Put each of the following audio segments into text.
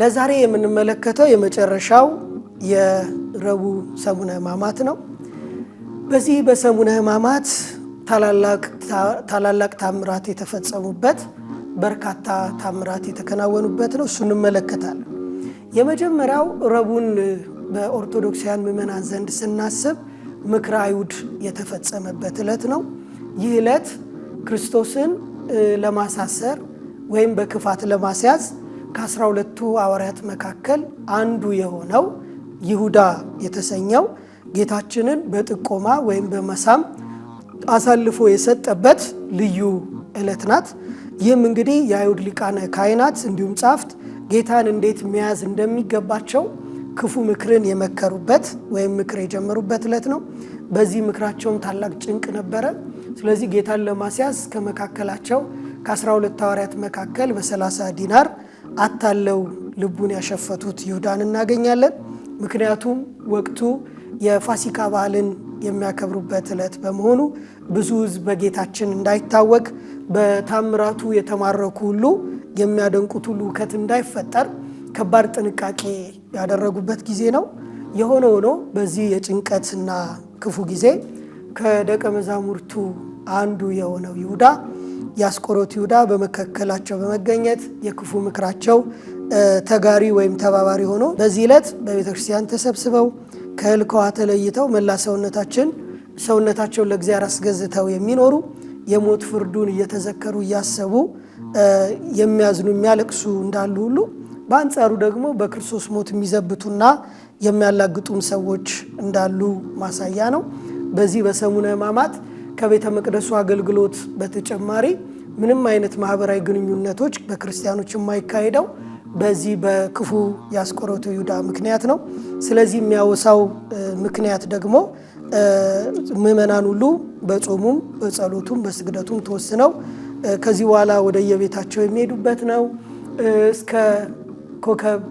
ለዛሬ የምንመለከተው የመጨረሻው የረቡዕ ሰሙነ ሕማማት ነው። በዚህ በሰሙነ ሕማማት ታላላቅ ታምራት የተፈጸሙበት በርካታ ታምራት የተከናወኑበት ነው። እሱ እንመለከታለን። የመጀመሪያው ረቡዕን በኦርቶዶክሳውያን ምዕመናን ዘንድ ስናስብ ምክረ አይሁድ የተፈጸመበት ዕለት ነው። ይህ ዕለት ክርስቶስን ለማሳሰር ወይም በክፋት ለማስያዝ ከአስራ ሁለቱ ሐዋርያት መካከል አንዱ የሆነው ይሁዳ የተሰኘው ጌታችንን በጥቆማ ወይም በመሳም አሳልፎ የሰጠበት ልዩ ዕለት ናት። ይህም እንግዲህ የአይሁድ ሊቃነ ካህናት እንዲሁም ጻፍት ጌታን እንዴት መያዝ እንደሚገባቸው ክፉ ምክርን የመከሩበት ወይም ምክር የጀመሩበት ዕለት ነው። በዚህ ምክራቸውም ታላቅ ጭንቅ ነበረ። ስለዚህ ጌታን ለማስያዝ ከመካከላቸው ከ12 ሐዋርያት መካከል በ30 ዲናር አታለው ልቡን ያሸፈቱት ይሁዳን እናገኛለን። ምክንያቱም ወቅቱ የፋሲካ በዓልን የሚያከብሩበት ዕለት በመሆኑ ብዙ ሕዝብ በጌታችን እንዳይታወቅ በታምራቱ የተማረኩ ሁሉ የሚያደንቁት ሁሉ ውከት እንዳይፈጠር ከባድ ጥንቃቄ ያደረጉበት ጊዜ ነው። የሆነ ሆኖ በዚህ የጭንቀትና ክፉ ጊዜ ከደቀ መዛሙርቱ አንዱ የሆነው ይሁዳ የአስቆሮቱ ይሁዳ በመካከላቸው በመገኘት የክፉ ምክራቸው ተጋሪ ወይም ተባባሪ ሆኖ በዚህ ዕለት በቤተ ክርስቲያን ተሰብስበው ከልከዋ ተለይተው መላ ሰውነታችን ሰውነታቸውን ለእግዚአብሔር አስገዝተው የሚኖሩ የሞት ፍርዱን እየተዘከሩ እያሰቡ የሚያዝኑ የሚያለቅሱ እንዳሉ ሁሉ በአንጻሩ ደግሞ በክርስቶስ ሞት የሚዘብቱና የሚያላግጡም ሰዎች እንዳሉ ማሳያ ነው። በዚህ በሰሙነ ሕማማት ከቤተ መቅደሱ አገልግሎት በተጨማሪ ምንም አይነት ማህበራዊ ግንኙነቶች በክርስቲያኖች የማይካሄደው በዚህ በክፉ የአስቆሮቱ ይሁዳ ምክንያት ነው። ስለዚህ የሚያወሳው ምክንያት ደግሞ ምእመናን ሁሉ በጾሙም በጸሎቱም በስግደቱም ተወስነው ከዚህ በኋላ ወደ የቤታቸው የሚሄዱበት ነው። እስከ ኮከብ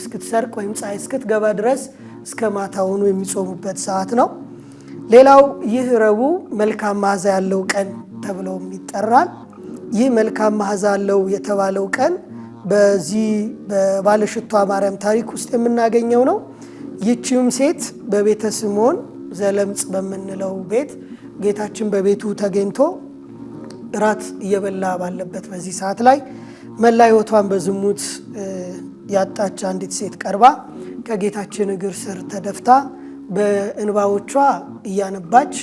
እስክትሰርቅ ወይም ፀሐይ እስክትገባ ድረስ እስከ ማታ ሆኑ የሚጾሙበት ሰዓት ነው። ሌላው ይህ ረቡዕ መልካም መዓዛ ያለው ቀን ተብሎም ይጠራል። ይህ መልካም መዓዛ ያለው የተባለው ቀን በዚህ በባለሽቷ ማርያም ታሪክ ውስጥ የምናገኘው ነው። ይህችም ሴት በቤተ ስምዖን ዘለምጽ በምንለው ቤት ጌታችን በቤቱ ተገኝቶ እራት እየበላ ባለበት በዚህ ሰዓት ላይ መላ ሕይወቷን በዝሙት ያጣች አንዲት ሴት ቀርባ ከጌታችን እግር ስር ተደፍታ በእንባዎቿ እያነባች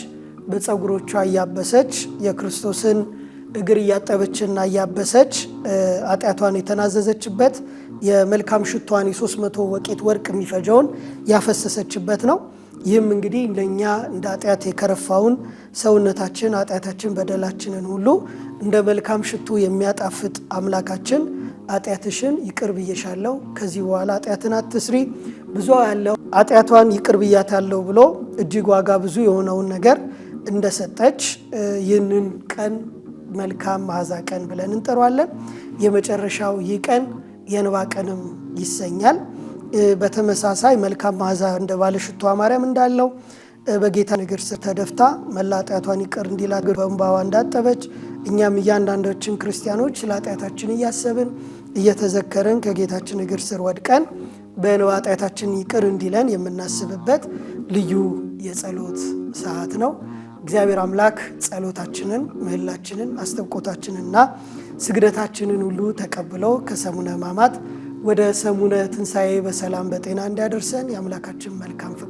በፀጉሮቿ እያበሰች የክርስቶስን እግር እያጠበችና እያበሰች ኃጢአቷን የተናዘዘችበት የመልካም ሽቷን የሶስት መቶ ወቄት ወርቅ የሚፈጀውን ያፈሰሰችበት ነው። ይህም እንግዲህ እንደኛ እንደ ኃጢአት የከረፋውን ሰውነታችን፣ ኃጢአታችን፣ በደላችንን ሁሉ እንደ መልካም ሽቱ የሚያጣፍጥ አምላካችን ኃጢአትሽን ይቅር ብዬሻለሁ፣ ከዚህ በኋላ ኃጢአትን አትስሪ ብዙ ያለው ኃጢአቷን ይቅር ብያታለሁ ብሎ እጅግ ዋጋ ብዙ የሆነውን ነገር እንደሰጠች ይህንን ቀን መልካም መዓዛ ቀን ብለን እንጠሯለን። የመጨረሻው ይህ ቀን የንባ ቀንም ይሰኛል። በተመሳሳይ መልካም መዓዛ እንደ ባለሽቷ ማርያም እንዳለው በጌታ እግር ስር ተደፍታ መላ ኃጢአቷን ይቅር እንዲላ በእንባዋ እንዳጠበች እኛም እያንዳንዳችን ክርስቲያኖች ስለ ኃጢአታችን እያሰብን እየተዘከርን ከጌታችን እግር ስር ወድቀን በንዋ ኃጢአታችን ይቅር እንዲለን የምናስብበት ልዩ የጸሎት ሰዓት ነው። እግዚአብሔር አምላክ ጸሎታችንን፣ ምህላችንን፣ አስተብቆታችንና ስግደታችንን ሁሉ ተቀብሎ ከሰሙነ ሕማማት ወደ ሰሙነ ትንሣኤ በሰላም በጤና እንዲያደርሰን የአምላካችን መልካም